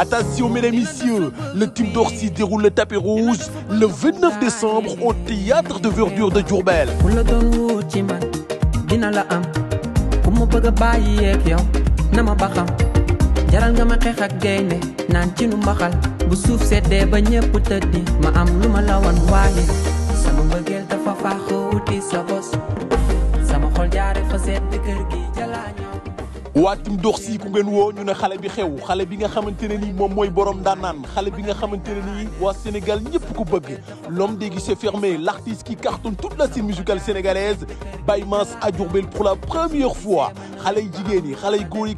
Attention mesdames et messieurs, le team d'Orsi déroule le tapis rouge le 29 décembre au théâtre de verdure de Jourbelle waatum dox sii ku ngeen woo ñu ne xale bi xew xale bi nga xamante ne nii moom mooy borom ndaanaan xale bi nga xamante ne nii Sénégal ñëpp ko bëgg l'homme des guichets fermés l'artiste qui cartonne toute la scène musicale sénégalaise Baymas a Diourbel pour la première fois xalé yu jigéen yi xale yu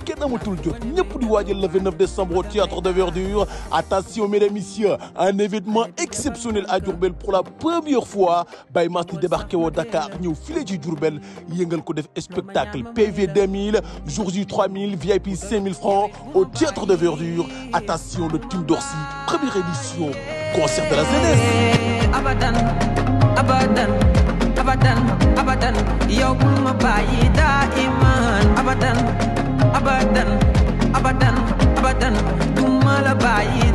le 29 décembre au théâtre de verdure attention mesdames et messieurs un événement exceptionnel à Djourbel pour la première fois Baymati Mass débarqué au Dakar ñëw filet ci Djourbel, yëngal ko spectacle PV 2000 jours 3000 VIP 5000 francs au théâtre de verdure attention le Team d'Orsi, première édition concert de la jeunesse. abadan abadan abadan dan du ma la bàyyi